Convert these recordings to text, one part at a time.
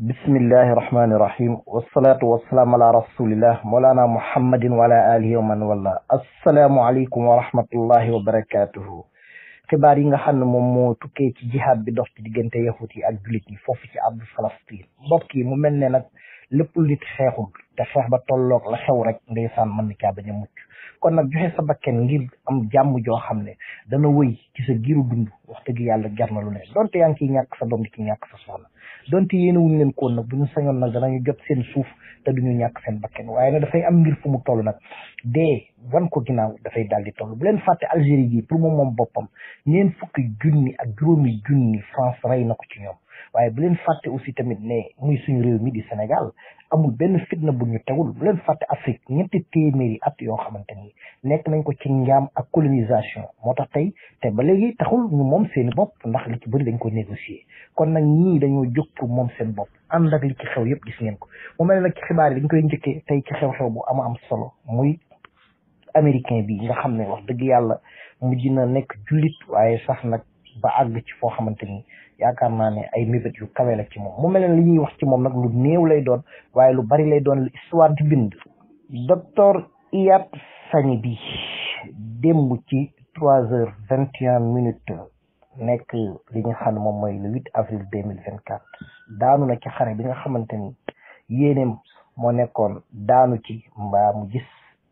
bismillahi rahmani rahim wasalaatu wasalaam ala rasulillah moolaana muhammadin wa ala alihi wa man wala asalaamualeykum wa rahmatullahi wa barakatuhu xibaar yi nga xam ne moom moo tukkee ci jihaad bi dox ci diggante yahut yi ak julit yi foofu ci ardu Falastin mbokk yi mu mel ne nag lépp lu nit xeexul te ba tolloog la xew rek ndeysaan mën na caa bañ a mucc kon nag joxe sa bakken ngir am jàmm joo xam ne dana wëy ci sa giiru wax dëgg yàlla jar na lu ne donte ñàkk sa doom ci ñàkk sa soxna donte yéenewuñ leen koon nag bu ñu sañoon nag danañu jot seen suuf te duñu ñàkk seen bakken waaye nag dafay am ngir fu mu toll nag dee wan ko ginnaaw dafay daal di toll bu leen fàtte Algérie gi pour moom moom boppam ñeen fukki junni ak juróomi junni France rey na ko ci ñoom waaye bu leen fàtte aussi tamit ne muy suñu réew mi di Sénégal amul benn fitna bu ñu tegul bu leen fàtte Afrique ñetti téeméeri at yoo xamante ni nekk nañ ko ci njaam ak colonisation moo tax tey te ba léegi taxul ñu moom seeni bopp ndax li ci bëri dañ ko négocier kon nag ñii dañoo jóg pour moom seen bopp ànd ak li ci xew yëpp gis ngeen ko mu mel nag xibaar yi dañ koy njëkkee tey ki xew-xew bu am am solo muy américain bi nga xam ne wax dëgg yàlla mujj na nekk jullit waaye sax nag ba foo xamante ni yaakaar naa ne ay mébét yu kawe la ci moom mu mel ne li ñuy wax ci moom nag lu néew lay doon waaye lu bari lay doon histoire di bind docteur Iyat Sagne bi démb ci trois heures vingt et un minutes nekk li nga xam ne moom mooy le huit avril deux mille vingt quatre daanu na ci xare bi nga xamante ni yéeneem moo nekkoon daanu ci mbaa mu gis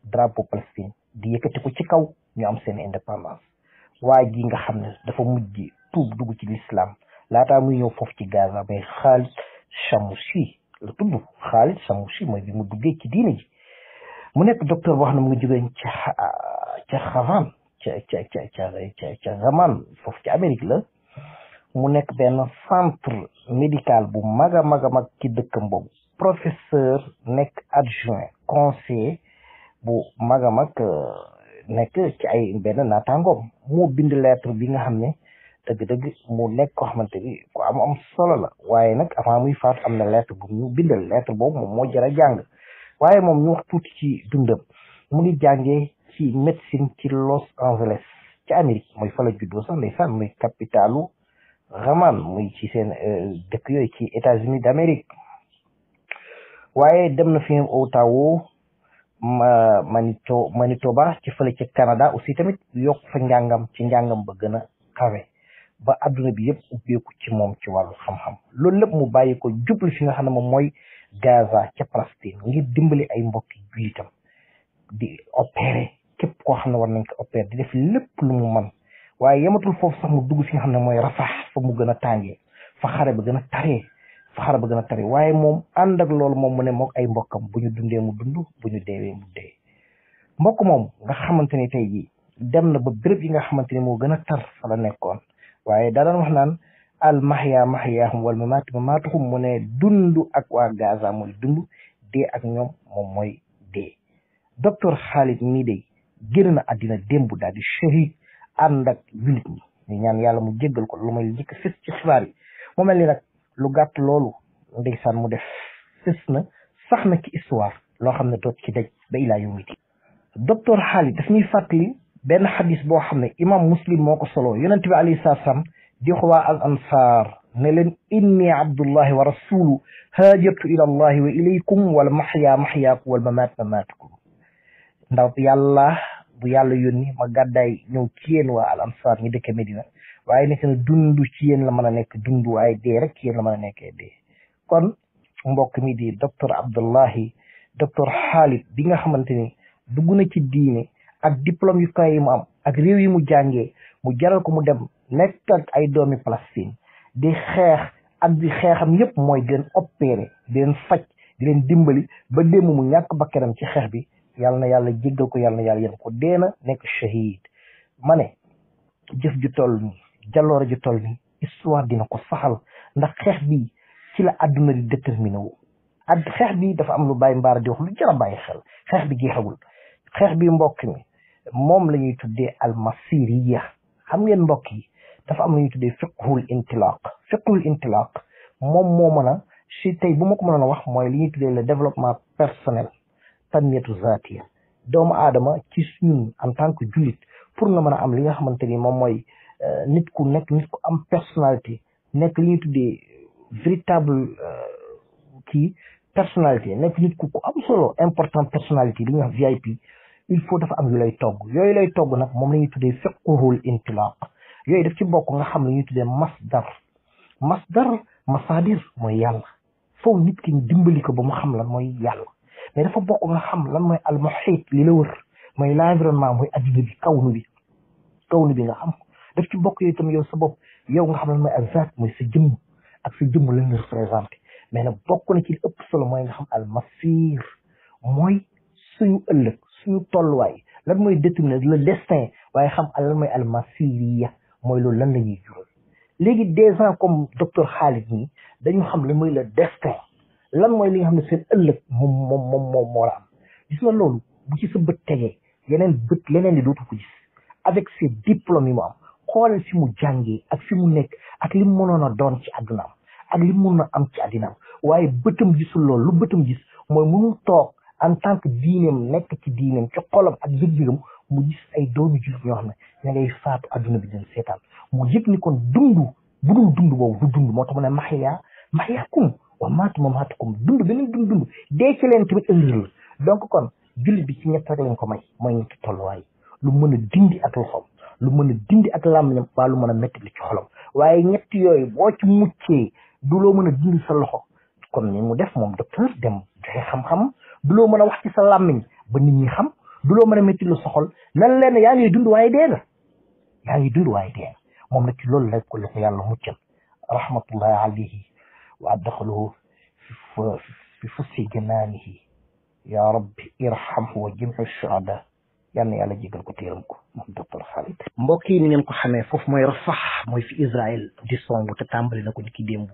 drapeau Palestine di yëkkati ko ci kaw ñu am seen indépendance waa ji nga xam ne dafa mujj tuub dugg ci l'islam laataa muy ñëw foofu ci Gaza mais Khalid Chamoussi la tudd Khalid Chamoussi mooy bi mu duggee ci mu nekk docteur boo xam mu ngi jógee ca ca Havan ca ca Zaman foofu ci Amérique la mu nekk benn centre médical bu mag a mag a mag ci dëkkam boobu professeur nekk adjoint conseiller bu mag a mag euh, nekk ci ay benn naataangoom moo bind lettre bi nga xam ne dëgg-dëgg mu nekk koo xamante ni ku am am solo la waaye nag avant muy faatu am na lettre bu ñu bindal lettre boobu moom moo jara a jàng waaye moom ñu wax tuuti ci dundam mu ngi jàngee ci médecine ci Los Angeles ci Amérique mooy fa la juddoo sax ndeysaan muy capitalu raman muy ci seen euh, dëkk yooyu ci États-Unis d'Amérique waaye dem na fi Ottawa Manito Manitoba ci fële ca Canada aussi tamit yokk fa njàngam ci njàngam ba gën a ba adduna bi yëpp ubbeeku ci moom ci wàllu xam-xam loolu lépp mu bàyyi ko jublu fi nga xam ne moom mooy Gaza ca Palestine ngir dimbali ay mbokki jullitam di opérer képp koo xam ne war nañ ko opérer di def lépp lu mu man waaye yematul foofu sax mu dugg fi nga xam ne mooy Rafah fa mu gën a tàngee fa xare ba gën a taree fa xare ba gën a taree waaye moom ànd ak loolu moom mu ne mook ay mbokkam bu ñu dundee mu dund bu ñu deewee mu dee mbokk moom nga xamante ni tey jii dem na ba béréb yi nga xamante ni moo gën a tar la nekkoon waaye daan wax naan al mahya mahyaahum wal mamaatu mamaatuhum mu ne dund ak waa Gaza mooy dund dee ak ñoom moom mooy dee docteur Khalid mii de génn na àddina démb daal di shahid ànd ak jullit ñi ñu ñaan yàlla mu jéggal ko lu may njëkk fës ci xibaar yi mu mel ni nag lu gàtt loolu ndeysaan mu def fës na sax na ci histoire loo xam ne doot ci daj ba ilaa yawmiti docteur Khalid daf ñuy fàttali benn xadis boo xam ne imam muslim moo ko solo yonent bi alayhi salaam di ko waa al ne leen inni abdullahi wa rasulu haajatu ila allahi wa ilaykum wala maxyaa maxyaakum wal mamaat mamaatukum ndaw yàlla bu yàlla yónni ma gàddaay ñëw ci yéen waa al ansaar ñi dëkk waaye nekk na dund ci yéen la mën a nekk dund waaye dee rek ci yéen la mën a nekkee dee kon mbokk mi di docteur Abdullahi docteur Xaalid bi nga xamante ni dugg na ci diine ak diplôme yu kawe yi mu am ak réew yi mu jànge mu jaral ko mu dem nekk ak ay doomi Palestine di xeex ak di xeexam yépp mooy di leen opéré di leen faj di leen dimbali ba démb mu ñàkk bakkanam ci xeex bi yàlla na yàlla jéggal ko yàlla na yàlla yéen ko deena nekk shahid ma ne jëf ju toll nii jaloore ju toll nii histoire dina ko saxal ndax xeex bi ci la àdduna di déterminé wu ak xeex bi dafa am lu bàyyi mbaara di wax lu jar a xel xeex bi jeexagul xeex bi mbokk mi moom la ñuy tuddee almasiriya xam ngeen mbokk yi dafa am la ñuy tuddee fiqhul intilaq fiqhul intilaq moom moo mën a si tey bu ma ko mënoon a wax mooy li ñuy tuddee le développement personnel tanmiyatu zaatiya doomu aadama ci suñu en tant que jullit pour nga mën a am li nga xamante ni moom mooy euh, nit ku nekk nit ku am personnalité nekk li ñuy tuddee euh, véritable euh, kii personnalité nekk nit ku am solo important personnalité li ñuy wax VIP il faut dafa am yu lay togg yooyu lay togg nag moom la ñuy tuddee fiqhul intilaq yooyu daf ci bokk nga xam la ñuy tuddee masdar masdar masadir mooy yàlla foofu nit ki dimbali ko ba mu xam lan mooy yàlla bokk nga xam lan mooy al muhit li la wër mooy l'environnement mooy adduna bi kawnu bi kawnu bi nga xam daf ci bokk yooyu itam yow sa bopp yow nga xam lan mooy azat mooy sa jëmm ak sa jëmm lañ la représenté mais nag bokk na ci li ëpp solo mooy nga xam al masir mooy suñu ëllëg suñu tolluwaay lan mooy déterminer le destin waaye xam lan mooy almasiriya mooy loolu lan la ñuy léegi des gens comme docteur Khalid ñi dañu xam lan mooy le destin lan mooy li nga xam ne seen ëllëg moom moo la am gis loolu bu ci sa bët tegee yeneen bët leneen di dootu ko gis avec ses diplômes mu am xoolal fi mu jàngee ak fi mu nekk ak li mu mënoon a doon ci àddunaam ak li mu mënoon am ci àddinaam waaye bëtam gisul loolu lu bëtam gis mooy mënul toog en tant que diineem nekk ci diineem ci xolam ak yëg-yëgam mu gis ay doomi jullit ñoo xam ne ña ngay faatu adduna bi dañ seetaan mu yëg ni dundu bu dund boobu du moo tax mu ne maxiyaa maxiyaakum wa maatu ma maatukum dund beneen dund dund dee ci leen tamit ëllëg la donc kon ko may mooy ñetti tolluwaay lu mën a dindi ak lu mën a dindi ak làmmiñam waa mën a métti li waaye ñett yooyu boo ci muccee mën a dindi sa loxo kon ni mu def moom docteur dem joxe xam-xam du loo mën a wax ci ba nit xam du loo mën a métti lu soxol nan leen yaa ngi dund waaye dee nga yaa ngi moom na ci loolu la ko la ko yàlla muccal rahmatullahi alayhi wa adxaluhu fi fussi janaanihi ya rabbi irhamhu wa jimhu shuhada yal na yàlla jégal ko téeram ko moom docteur Khalid mbokk yi ni ngeen ko xamee foofu mooy rafax mooy fi Israël di song te tàmbali na ko ni ki démb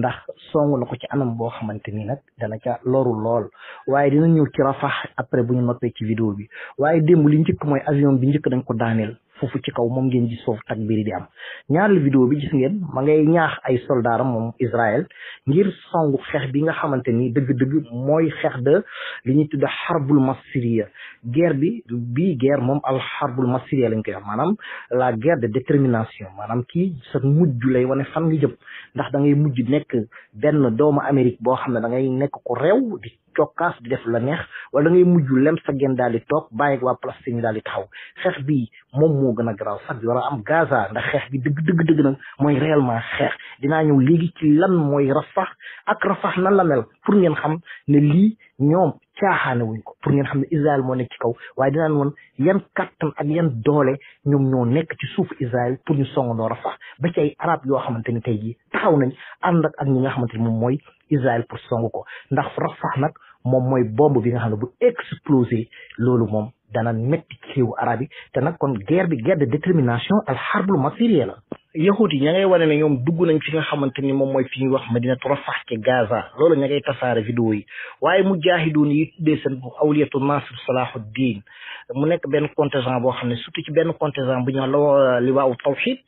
ndax songu na ko ci anam boo xamante ni nag dana ca loru lool waaye dina ñëw ci rafax après bu ñu noppee ci vidéo bi waaye démb li njëkk mooy avion bi njëkk dañ ko daaneel foofu ci kaw moom ngeen gis foofu takbir yi di am ñaareelu vidéo bi gis ngeen ma ngay ñaax ay soldaaram moom Israël ngir songu xeex bi nga xamante ni dëgg-dëgg mooy xeex de li ñuy tudde xarbul masiriya guerre bi bi guerre moom al xarbul masiriya lañ koy wax maanaam la guerre de détermination maanaam kii sa mujj lay wane fan nga jëm ndax da ngay mujj nekk benn doomu Amérique boo xam ne da ngay nekk ku réew cokkaas di def la neex wala ngay mujj lem sa gen daal di toog bàyyi waa Palestine daal di taxaw xeex bi moom moo gën a garaaw sax bi war a am Gaza ndax xeex bi dëgg dëgg dëgg nag mooy réellement xeex dinaa ñëw léegi ci lan mooy rafax ak rafax nan la mel pour ngeen xam ne lii ñoom caaxaane wuñ ko pour ngeen xam ne Israël moo nekk ci kaw waaye dinaan woon yan doole ñoom ñoo nekk ci suuf Israël pour ñu songandoo rafax ba ci ay arab yoo xamante ni tey jii taxaw nañ ànd ak ak ñi nga xamante ni moom mooy Israël pour songu ko ndax Rafah nag moom mooy bi nga xam ne bu explosé loolu moom dana métti ci réewu arab yi te nag kon guerre bi guerre de détermination al harbul masiriya la yahut yi ña wane ne ñoom dugg nañ fi nga xamante ni moom mooy fi ñuy wax madinatu Rafah ci Gaza loolu ña ngay vidéo yi waaye mujaahidoon yi tuddee seen awliyatu Nasir Salahuddin mu nekk benn contingent boo xam ne surtout ci benn contingent bu ñu wax liwaawu tawxid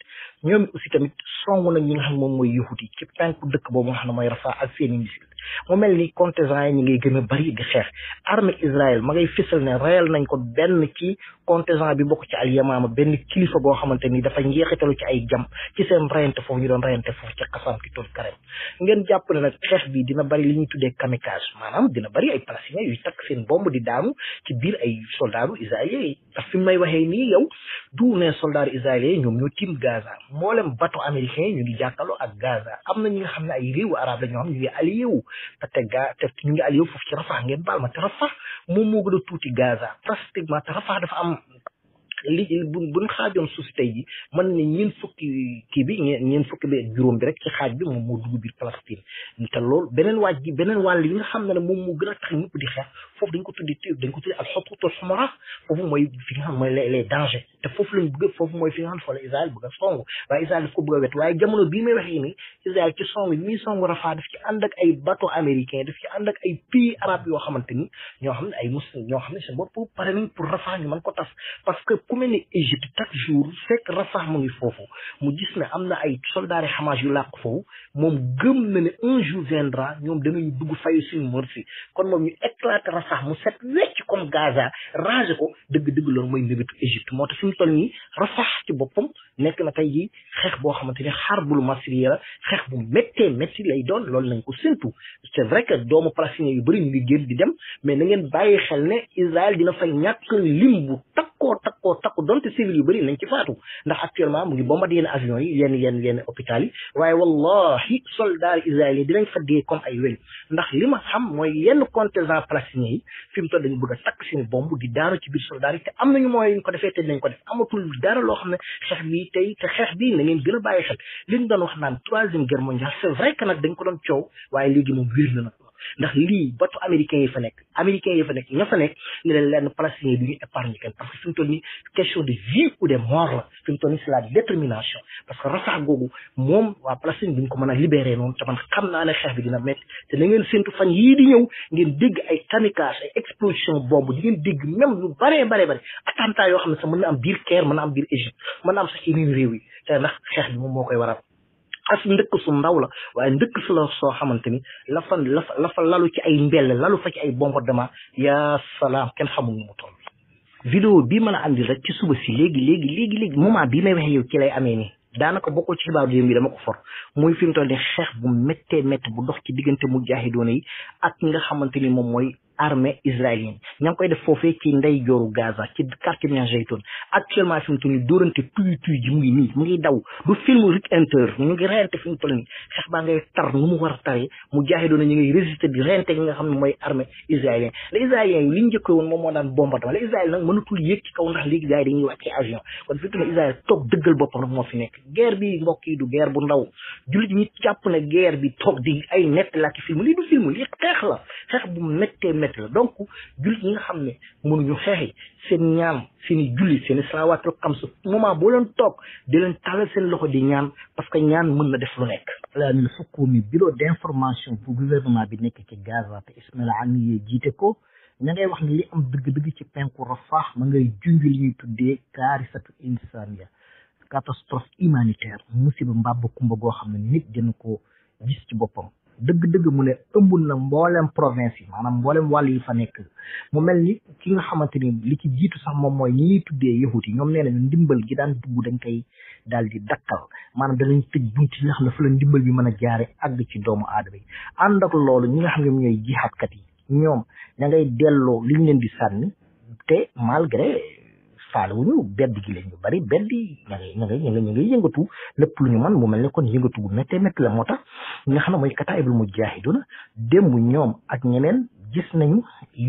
ñoom aussi tamit song nañ ñi nga xam moom mooy yahut yi ci tànku dëkk boobu xam ne mooy Rafah ak seeni misil mu mel ni contestant yi ñi ngay gën a bari di xeex armée Israël ma ngay fisal ne reyal nañ ko benn ci contestant bi bokk ci al Yamaama benn kilifa goo xamante ni dafa njeexitalu ci ay jam ci seen reyante ñu doon reyante foofu ci xasam ki tool karem ngeen jàpp ne nag xeex bi dina bari li ñu tuddee kamikaze maanaam dina bari ay palestiniens yuy takk seen bomb di daanu ci biir ay soldaaru israéliens yi ndax fi may waxee ni yow du ne soldaaru israéliens ñoom ñoo tiim Gaza mboolem bateau américain ñu ngi jàkkaarloo ak Gaza am na ñi nga xam ne ay réewu arab la ñoo xam ngi allié te ga te ñu ngi allié wu foofu ci Rafah baal ma te Rafah moom moo gën a tuuti Gaza pratiquement te Rafah dafa am li bu buñ xaajoon suuf si tey ji mën ne ñeen fukki kii bi ñeen bi juróom bi rek ci xaaj bi moom moo dugg biir Palestine te loolu beneen waaj gi beneen wàll bi nga xam ne ne moom moo gën a tax ñëpp di xeex foofu dañ ko ko tuddi ak xotuutal sumara foofu mooy fi nga xam mooy les les dangers a song waaye Israël daf ko bëgg a wet waaye jamono bii may wax yi ci song bi muy song Rafah daf ci ak ay bateau américain daf ci ànd ak ay pays arabes yoo xamante ñoo xam ne ay muslim ñoo xam ne seen bopp pare nañ pour Rafah ñu mën ku mel ni Égypte chaque jour fekk Rafah mu ngi foofu mu gis ne am na ay soldaari Hamas yu làq foofu moom gëm na ne un jour viendra ñoom danañu dugg fayu suñu morsi kon moom ñu éclater Rafah mu set wecc comme Gaza rangé ko dëgg-dëgg loolu mooy mébétu Égypte moo tax fi mu toll nii Rafah ci boppam nekk na tey jii xeex boo xamante ni xaar bulu masriya la xeex bu méttee métti lay doon loolu nañ ko séntu c' est vrai que doomu palestinien yu bëri ñu ngi génn di dem mais na ngeen bàyyi xel ne Israël dina takkoo takkoo takku donte civil yu bëri nañ ci faatu ndax actuellement mu ngi bombardé yenn avions yi yenn yenn yenn hôpital yi waaye wallahi soldat israélien yi dinañ fa comme ay weñ ndax li ma xam mooy yenn contingent palestinien yi fi mu toll dañu bëgg a takk seen bomb di daanu ci biir soldat yi te am nañu mooy ñu ko defee te dinañ ko def amatul dara loo xam ne xeex bi tey te xeex bi na ngeen gën a bàyyi xel li wax naan troisième guerre mondiale c'est dañ ko doon coow waaye léegi ndax lii batu américain yi fa nekk américains yi fa nekk ña fa nekk lenn palestiniens yi du ñu épargne parce que fi mu question de vie ou de mort la fi mu toll nii c'est la détermination parce que rasax googu moom waa Palestine duñ ko mën a libéré noonu te man xam naa ne xeex bi dina métti te na ngeen séntu fan yii di ñëw ngeen dégg ay kamikaze ay explosion bombe di ngeen dégg même lu baree baree bare attentat yoo xam ne sax mën na am biir Caire mën na am am réew yi te ndax xeex bi koy waral as ndëkk su ndaw la waaye ndëkk su la soo xamante ni la la fa lalu ci ay mbell lalu fa ci ay bombardement yaa salaam kenn xamul nu mu toll. vidéo bii mën a andi rek ci suba si léegi léegi léegi léegi moment bii may waxe yow ci lay amee nii daanaka bokkul ci xibaaru yëm bi dama ko for muy fi mu toll ni xeex bu mette métti bu dox ci diggante mu jaaxidoona yi ak nga xamante ni moom mooy armée israélienne ña ngi koy def foofee ci ndey jooru Gaza ci quartier bi ñaan Zaytoun actuellement fi mu toll nii dóorante tuy tuy ji mu ngi nii mu ngi daw du film Rick Hunter ñu ngi reyante fi mu toll nii xeex ngay tar nu mu war a ñu ngi résister di reyante ñi nga xam ne mooy armée israélienne les israéliens yi li ñu njëkkee woon moom moo daan bombardement les israéliens nag mënatul yéeg ci kaw ndax léegi gars yi dañuy wàcce avion kon fi mu toll nii Israël dëggal boppam nag moo fi nekk guerre bi mbokk yi du guerre bu ndaw jàpp na bi toog di ay nett laki film lii du métti la donc jullit ñi nga xam ne mënuñu xeexi seen ñaan seen i julli seen la salawaatul xamsu moment boo leen toog di leen seen loxo di ñaan parce que ñaan mun na def lu nekk alamin hukumi information d'information bu gouvernement bi nekk ci Gaza te Ismail Haniyeh jiite ko ña ngay wax ni li am dëgg-dëgg ci penku Rafah ma ngay junj li ñuy tuddee kaarisatu insania catastrophe humanitaire musiba mbàbb kumba goo xam ne nit dina ko gis ci boppam dëgg-dëgg mu ne ëmbul na mboolem province yi maanaam mboolem wàll yi fa nekk mu mel ni ki nga xamante ni li ci jiitu sax moom mooy ñi ñuy tuddee yahut yi ñoom nee nañu ndimbal gi daan dugg dañ koy daal di dakkal maanaam danañ tëj bunti yi nga xam ne fa la ndimbal bi mën a jaare àgg ci doomu aadama yi ànd ak loolu ñi nga xam ne ñooy jihaatkat yi ñoom ña ngay delloo liñ leen di sànni te malgré faaluwuñu bedd gi lañu bari bedd ña ngay ña ngay lépp lu ñu man mu mel ne kon yëngatu bu méttee métti la moo tax nga xam ne mooy kataayibul mujaahiduuna démb ñoom ak ñeneen gis nañu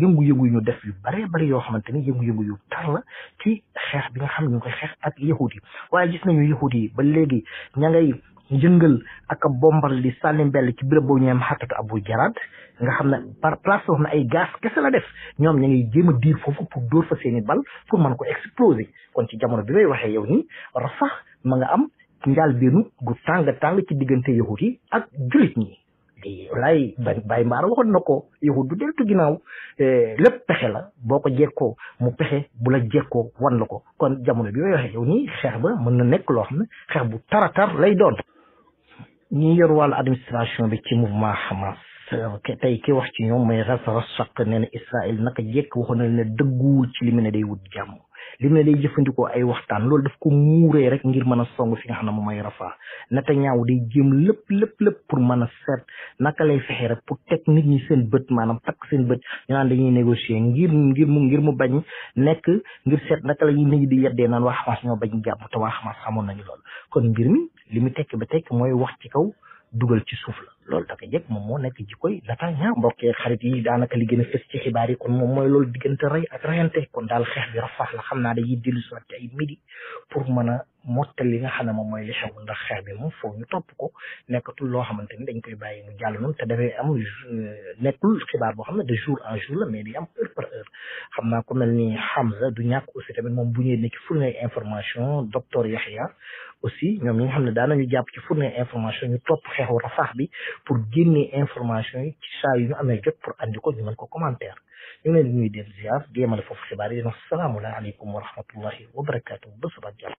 yëngu-yëngu yu ñu def yu bare bari yoo xamante ni yëngu-yëngu yu tar la ci xeex bi nga xam ne ñu koy xeex ak yahuud yi waaye gis nañu yahuud yi ba léegi ña ngay yëngal ak a bombal di sànni ci béréb boobu ñu am xattatu abu jaraad nga xam ne par place soo xam ne ay gaz kese la def ñoom ñu ngi jéem a diir foofu pour dóor fa seeni bal pour man ko exploser kon ci jamono bi may waxee yow nii Rafah ma nga am njaal beenu gu tàng tàng ci diggante yahut yi ak jullit ba bay Baye Mbaara waxoon na ko yahut du deltu ginnaaw eh, lépp pexe la boo ko jekkoo mu pexe bu la jekkoo wan la ko kon jamono bi may waxee yow nii xeex ba mën na nekk loo xam ne xeex bu taratar lay doon ñi yor wàllu administration bi ci mouvement tey ki wax ci ñoom mooy Razarashaq nee na Israël naka jekk waxoon na ne dëgguwul ci li ne day wut jàmm li mu ne day jëfandikoo ay waxtaan loolu daf ko muuree rek ngir mën a song fi nga xam ne moom mooy Rafah Netanyahu day jéem lépp lépp lépp pour mën a seet naka lay fexe rek pour teg nit ñi seen bët maanaam takk seen bët ñu naan dañuy négocier ngir ngir mu ngir mu bañ nekk ngir seet naka la ñuy nit ñi di yeddee naan waa Hamas ñoo bañ jàmm te waa Hamas xamoon nañu loolu kon mbir mi li mu tekki ba tekki mooy wax ci kaw dugal ci suuf la loolu tamit yëpp moom moo nekk jikkoy l'attaquant mbokkee xarit yi daanaka li gën a fës ci xibaar yi kon moom mooy loolu diggante rey ak reyante kon daal xeex bi rafaax la xam naa dañuy dellu si ci ay pour mën a mottal li nga xam ne moom mooy li xew ndax xeex bi moom foo ñu topp ko nekkatul loo xamante ni dañ koy bàyyi mu jàll noonu te dafay am euh, nekkul xibaar boo xam ne de jour en jour la mais di am heure par heure xam naa ku mel ni Hamza du ñàkk aussi tamit moom bu ñëwee ne ci fournir information docteur Yahya aussi ñoom ñi nga xam ne daanañu jàpp ci fournir information ñu topp xeexu rafaax bi pour génnee information yi ci saa yu ñu amee jot pour andi ko ñu mën ko commentaire ñu ngi leen di nuyu di leen ziar di yemale foofu xibaar yi di wax salaamu aleykum wa rahmatullahi barakaatu ba suba jàmm